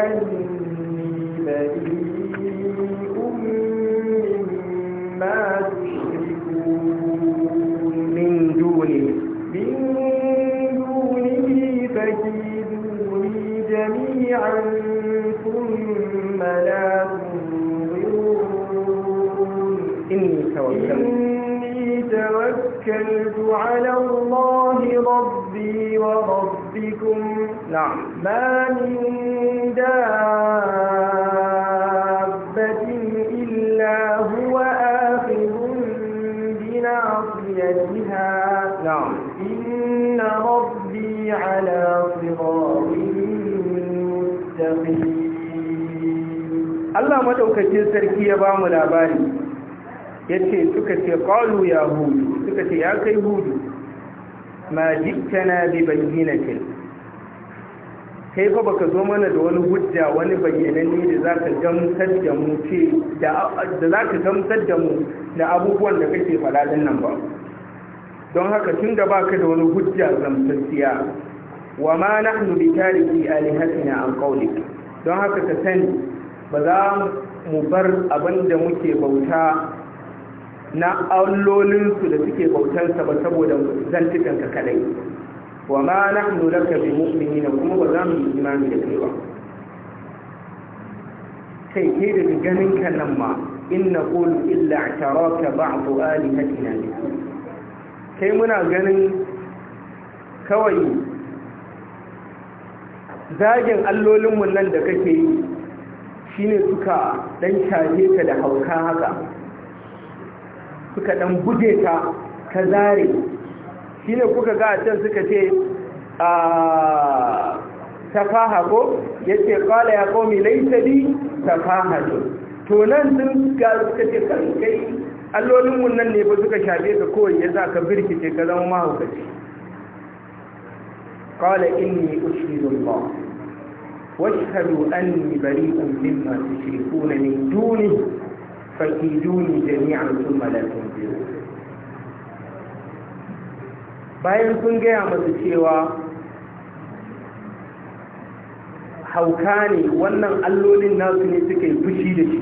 أني بريء مما تشركون من دونه فكيدوني جميعا ثم لا تنظرون إني توكلت على الله ربي وربكم نعم ما من دابة إلا هو آخذ Allah sarki ya bamu labari yace suka ce qalu ya hudu suka ce ya kai hudu ma na bi bayyinatin kai fa baka zo mana da wani hujja wani bayyananni da zaka gamsar da mu ce da zaka gamsar da mu da abubuwan da kake fada din nan ba don haka tun da baka da wani hujja zamtacciya wa ma nahnu bi tariki alihatina an qawli don haka ka sani ba za mu bar abin da muke bauta na allolinsu da suke bautansa ba saboda zantukanka kadai wa ma nahnu laka bi mu'minina kuma ba za mu yi imani da kai ba kai ke da ganin ka nan ma in naqulu illa i'taraka ba'd alihatina bi kai muna ganin kawai zagin allolinmu nan da kake yi shine suka dan caje da hauka haka suka dan buge ta ka zare shi ne kuka ga a can suka ce a tafaha ko ya ce kwale ya komi laisari tafaha to nan sun ga suka ce kan kai allolinmu nan ne ba suka shafe ka kowai ya za ka ce ka zama mahaukaci kwale inni ushidun ba واشهدوا أني بريء مما تشركون من دونه فكيدوني جميعا ثم لا biyu. bayan sun gaya masu cewa hauka ne wannan allolin nasu ne suka yi fushi da shi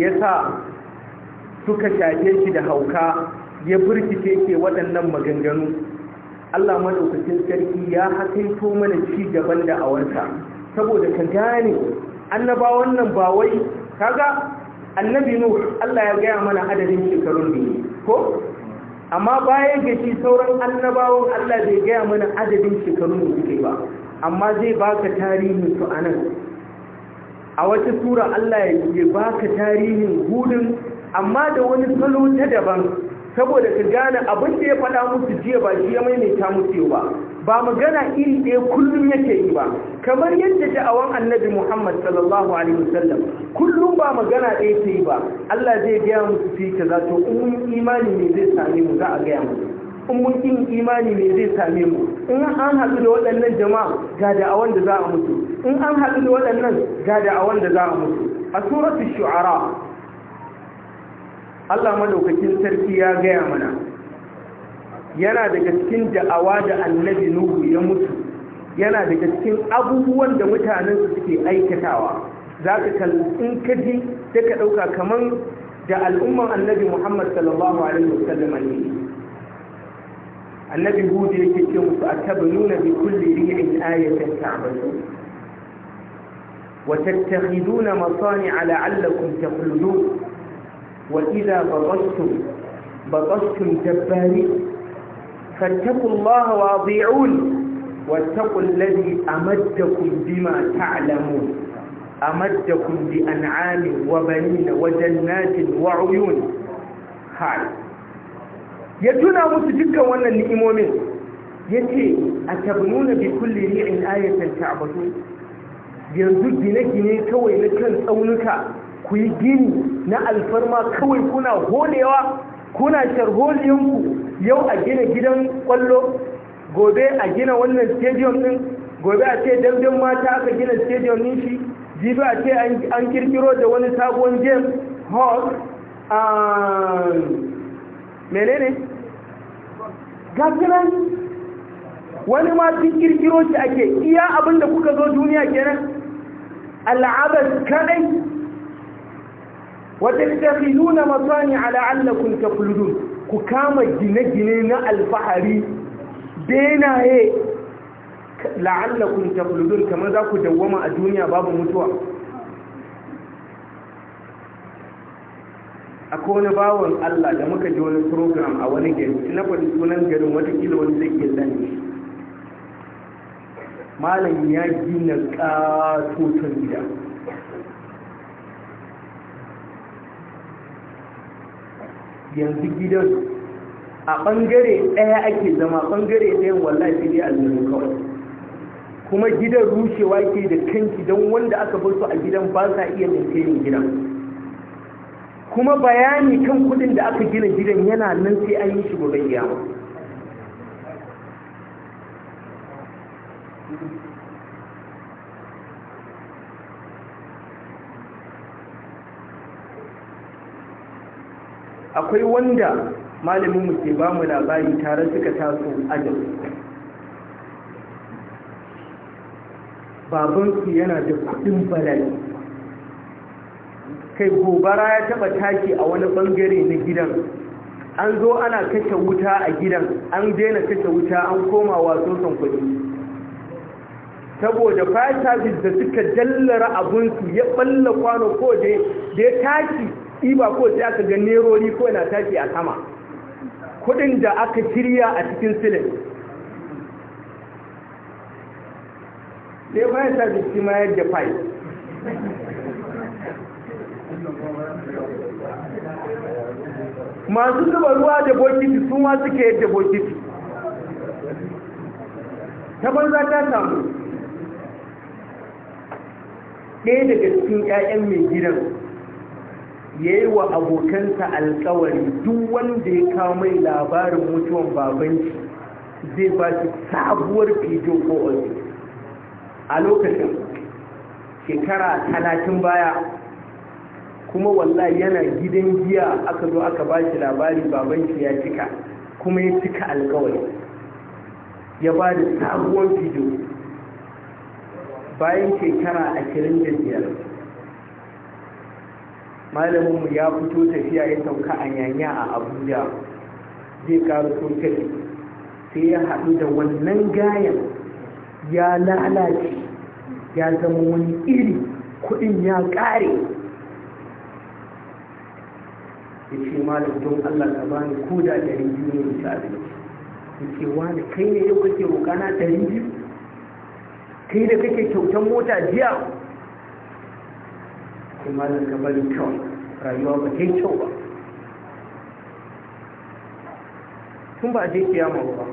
ya sa suka shafe shi da hauka ya burkice ke waɗannan maganganu allah maɗaukacin sarki ya hakaito mana ci gaban da awarsa saboda ka gane annaba wannan ba wai kaga annabi nuhu allah ya gaya mana adadin shekarun biyu ko amma bayan ga shi sauran annabawan Allah bai gaya mana adadin shekarun da suke ba amma zai baka tarihin su a nan a wata sura Allah ya baka tarihin hudun amma da wani salo ta daban saboda ka gane abin da ya faɗa musu jiya ba shi ya maimaita musu ba ba magana iri ɗaya kullum yake yi ba kamar yadda da'awan annabi Muhammad sallallahu alaihi wasallam kullum ba magana ɗaya yake yi ba Allah zai gaya musu fi za to in mun imani ne zai same mu za a gaya mu in mun kin imani ne zai same mu in an haɗu da waɗannan jama'a ga da'awan da za a mutu in an haɗu da waɗannan ga da'awan da za a mutu a suratul shu'ara Allah madaukakin sarki ya gaya mana yana daga cikin da'awa da annabi nuhu ya mutu yana daga cikin abubuwan da mutanen su suke aikatawa za ka kalli in ka ji ka ɗauka kamar da al'umman annabi muhammad sallallahu alaihi wasallam ne annabi hudu yake ce musu a na bi kulli ri'in ayatan ta'malu wa tattakhiduna masani ala allakum taqulun wa idza batastum batastum jabbarin فاتقوا الله واضيعون واتقوا الذي أمدكم بما تعلمون أمدكم بأنعام وبنين وجنات وعيون هاي يتنا متجكا وانا الإمومين يتي أتبنون بكل ريع آية تعبدون yanzu gine-gine kawai na kan tsaunuka ku yi gini na alfarma kawai kuna holewa kuna sharholinku yau a gina gidan kwallo gobe a gina wannan stadium din gobe a ce dandan mata aka gina stadium din shi jibi a ce an kirkiro da wani sabon james hall a um, menene gasinan wani ma sun kirkiro shi ake iya abinda kuka zo duniya kenan al'abar kadai وتتخذون مصانع لعلكم تقلدون كما جنة جنة الفحري na هي لعلكم تقلدون كما ذاك دوما الدنيا باب متوى duniya babu akwai bawon Allah da muka ji wani program a wani gari na faɗi sunan garin watakila wani zai ke sani malam ya gina ƙatoton gida yanzu gidan a ɓangare ɗaya ake zama ɓangare ɗayan wallahi ne aljanu kawai kuma gidan rushewa ke da kanki don wanda aka bar su a gidan ba sa iya mintayin gidan kuma bayani kan kudin da aka gina gidan yana nan sai an yi shi gobe iyawa akwai wanda malamin mu ke ba mu labari tare suka taso ajal babansu yana da kudin bala'i kai gobara ya taba taki a wani bangare na gidan an zo ana kashe wuta a gidan an daina kashe wuta an koma wato son kudi saboda fire service da suka jallara abinsu ya balla kwano ko da ya taki ba ko sai aka ga nerori ko yana tafi a sama kudin da aka shirya a cikin silin sai bayan sa jiki ma yadda fai masu zuba ruwa da bokiti su ma suke yadda bokiti ta banza ta samu ɗaya daga cikin ƴaƴan mai gidan ya yi wa abokansa alkawari duk wanda ya kawo mai labarin mutuwan babanci zai ba shi sabuwar fito ko wani a lokacin shekara talatin baya kuma wallahi yana gidan giya aka zo aka ba shi labari babanci ya cika kuma ya cika alkawari ya ba da sabuwar fito bayan shekara ashirin da biyar malaminmu ya fito tafiya ya sauka a yanya a abuja zai karu sosai sai ya haɗu da wannan gayan ya lalace ya zama wani iri kuɗin ya ƙare ya ce malam don allah ka bani ko da ɗari biyu ne ta abinci ya ce wani kai ne yau kake roƙa na ɗari biyu kai da kake kyautan mota jiya sai malam bari kawai rayuwa ba ta yi kyau ba tun ba a je kiyama ba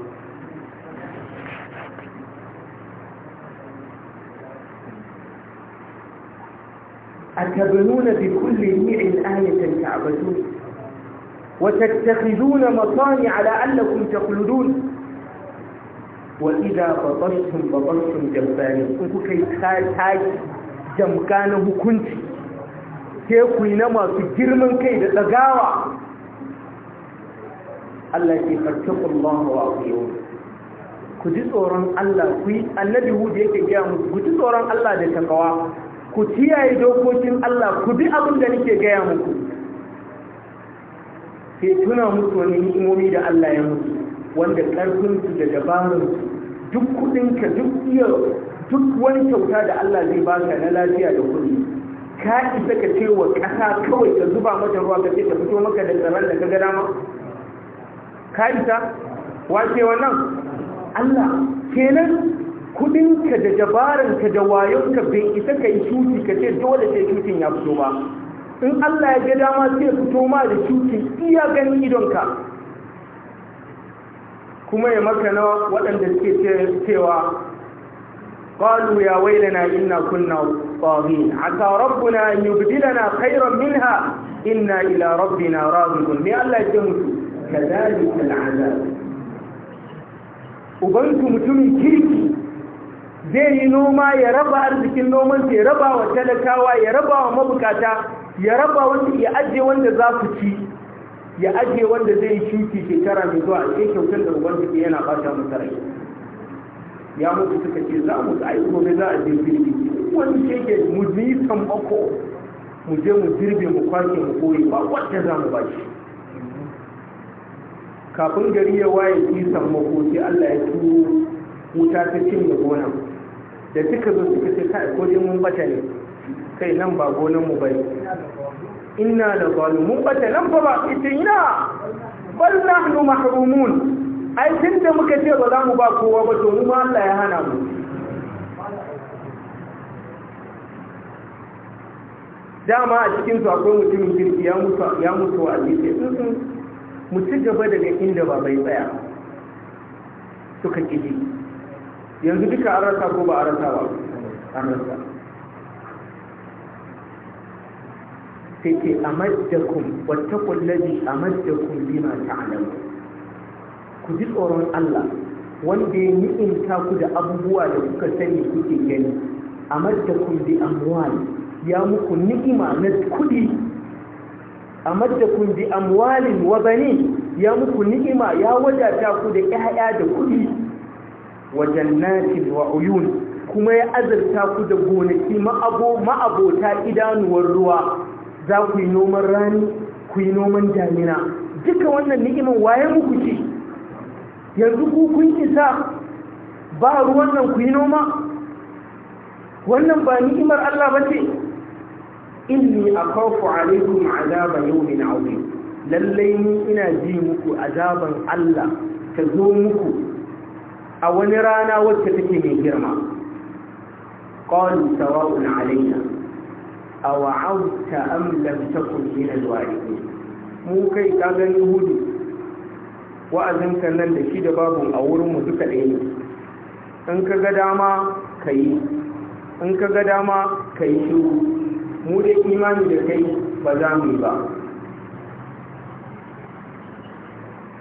أتبنون بكل ريع آية تعبدون وتتخذون مصانع لعلكم تخلدون وإذا بطشتم بطشتم جبانين كنت كي تاج جمكانه كنت teku na masu girman kai da tsagawa Allah ke fartakun Allah wa ku ku ji tsoron Allah ku yi annabi hudu yake gaya musu ku ji tsoron Allah da takawa ku kiyaye dokokin Allah ku bi abin da nake gaya muku ke tuna musu wani ni'imomi da Allah ya musu wanda ƙarfinsu da dabarun duk kuɗinka duk iya duk wani kyauta da Allah zai baka na lafiya da kuɗi ka isa ka ce wa ƙasa kawai ka zuba mata ruwa ka ce ta fito maka da tsaron da ka ga dama ka isa wace wannan Allah kenan kudinka da dabaranka da wayonka bai isa ka yi cuti ka ce dole sai cutin ya fito ba in Allah ya ga dama sai fito ma da cutin iya ganin idonka kuma ya maka na waɗanda suke cewa ƙwalu ya wailana inna kunna للطاغين عسى ربنا أن يبدلنا خيرا منها إنا إلى ربنا راغبون me Allah ya mutu kadhalika al'azab ubanku mutumin kirki zai yi noma ya raba arzikin noman ya raba wa talakawa ya raba wa mabukata ya raba wanda ya ajiye wanda za su ci ya ajiye wanda zai shuki shekara mai zuwa a cikin kyautar da ke yana fata masarai. ya mutu suka ce za mu aiki gobe za a je jirgi wani keke mu ji tambako mu je mu jirbe mu kwaki mu koyi ba wacce za mu bashi kafin gari ya waye yi sammako sai Allah ya turo wuta ta cinye gona da suka zo suka ce kai ko mun bata ne kai nan ba gonan mu bane inna la zalimun bata nan fa ba ita ina bal nahnu mahrumun ai tun da muka ce ba za mu ba kowa ba to mu ma Allah ya hana mu dama a cikin su akwai mutumin kirki ya mutu ya mutu a jike mu ci gaba daga inda ba bai tsaya suka kiji yanzu duka an rasa ko ba a rasa ba an rasa sai ke amaddakum wata kullabi bi bima ta'lamu ku ji tsoron Allah wanda ya ni'imta ku da abubuwa da kuka sani kuke gani a madda kun bi amwali ya muku ni'ima na kudi a madda kun bi amwalin wa bani ya muku ni'ima ya wadata ku da 'ya'ya da kudi wa jannatin wa uyun kuma ya azurta ku da gonaki ma'abota idanuwar ruwa za ku yi noman rani ku yi noman damina duka wannan ni'imin waye muku ce yanzu ku kun isa ba ruwan nan ku yi noma wannan ba ni'imar Allah ba ce inni akhafu alaikum azaba na aure, lallai ni ina ji muku azaban Allah ta zo muku a wani rana wacce take mai girma qalu sawa'un alaina aw a'udta am lam takun min al-wa'idin mu kai ka gani hudu wa'azin kan nan da shi da babu a wurinmu duka ɗaya ne in ka ga dama ka yi in ka ga dama ka yi shi mu da imani da kai ba za mu yi ba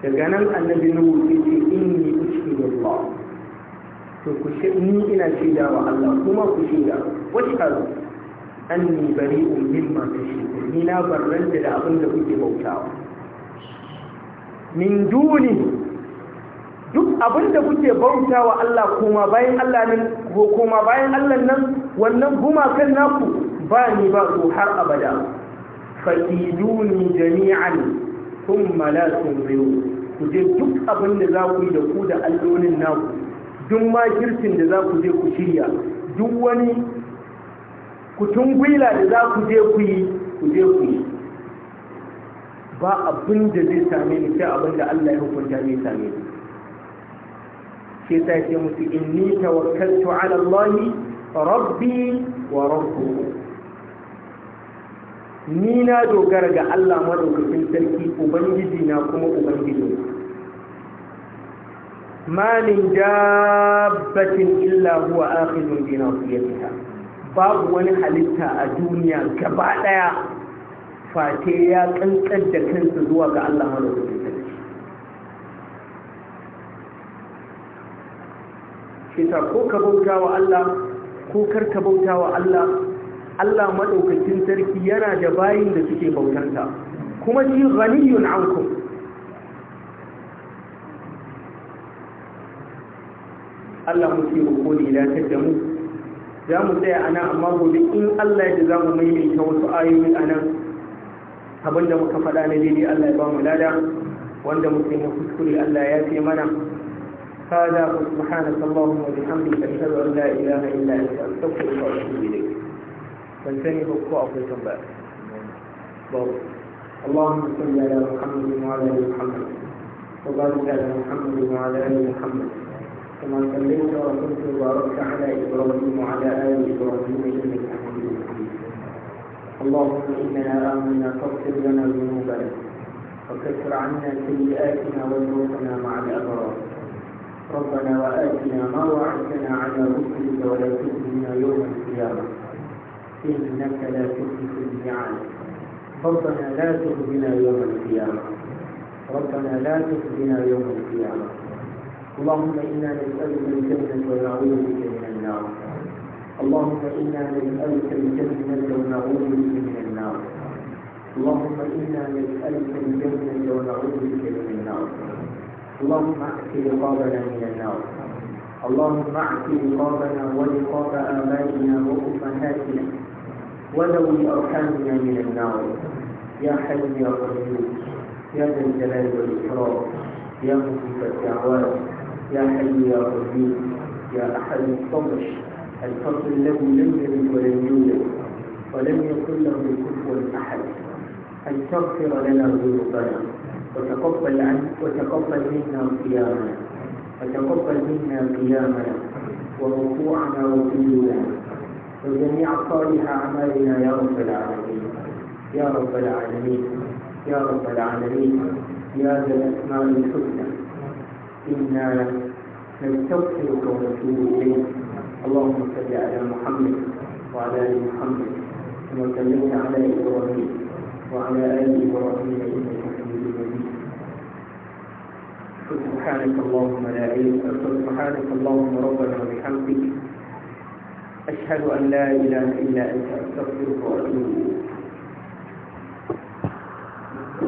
daga nan annabi nuhu sai ce inni ushhidu Allah to ku ce ni ina da wa Allah kuma ku shaida washhadu anni bari'un mimma shi. ni na barranta da abin da kuke bautawa min duni duk abinda kuke bauta wa Allah kuma bayan Allah nan ko kuma bayan Allah nan wannan gumakan naku ba ni ba ku har abada fakiduni jami'an thumma la tunziru ku je duk abinda za ku yi da ku da allolin naku duk ma makircin da za ku je ku shirya duk wani kutungwila da za ku je ku yi ku je ku yi ba abin da zai same ni sai abin da Allah ya hukunta zai same ni sai ta ce musu inni tawakkaltu ala Allah rabbi wa rabbu. ni na dogara ga Allah madaukakin sarki ubangiji na kuma ubangiji ma min dabbatin illa huwa akhidun bi nasiyatiha babu wani halitta a duniya gaba daya fate ya kantsar da kansa zuwa ga Allah madaukakin sarki shi ta ko ka bauta wa Allah ko kar ka bauta wa Allah Allah madaukakin sarki yana da bayin da suke bautanta kuma shi ghaniyun ankum Allah muke roƙo ne dace da mu za mu tsaya a nan amma gobe in Allah ya za mu maimaita wasu ayoyi a nan abinda muka faɗa na daidai Allah ya ba mu lada wanda muke na kuskure Allah ya ce mana هذا سبحانك اللهم وبحمدك أشهد أن لا إله إلا أنت أستغفرك وأتوب إليك فانتني بقوة في تنبأ اللهم صل على محمد وعلى آل محمد وبارك على محمد وعلى آل محمد كما صليت وكنت وباركت على إبراهيم وعلى آل إبراهيم إنك اللهم إننا آمنا فاغفر لنا ذنوبنا وكفر عنا سيئاتنا وذنوبنا مع الأبرار ربنا وآتنا ما وعدتنا على رسلك ولا تؤمنا يوم القيامة إنك لا تخلف الميعاد ربنا لا تخزنا يوم القيامة ربنا لا تخزنا يوم القيامة اللهم إنا نسألك الجنة ونعوذ بك من النار اللهم إنا نسألك الجنة ونعوذ بك من النار اللهم إنا نسألك الجنة ونعوذ بك من النار اللهم أعف رقابنا من النار اللهم أعف رقابنا ورقاب آبائنا وأمهاتنا وذوي أرحامنا من النار يا حي يا قيوم يا ذا الجلال والإكرام يا مجيب الدعوات يا حي يا قيوم يا أحد الصبر الفصل الذي لم يلد ولم يولد ولم يكن له كفوا احد ان تغفر لنا ذنوبنا وتقبل عنا وتقبل منا صيامنا وتقبل منا قيامنا وركوعنا وسجودنا وجميع صالح اعمالنا يا رب العالمين يا رب العالمين يا رب العالمين يا ذا الاسماء الحسنى انا نستغفرك ونتوب اليك اللهم صل على محمد وعلى ال محمد كما صليت على ابراهيم وعلى ال ابراهيم انك حميد مجيد سبحانك اللهم لا علم سبحانك اللهم ربنا وبحمدك أشهد أن لا إله إلا أنت أستغفرك وأتوب إليك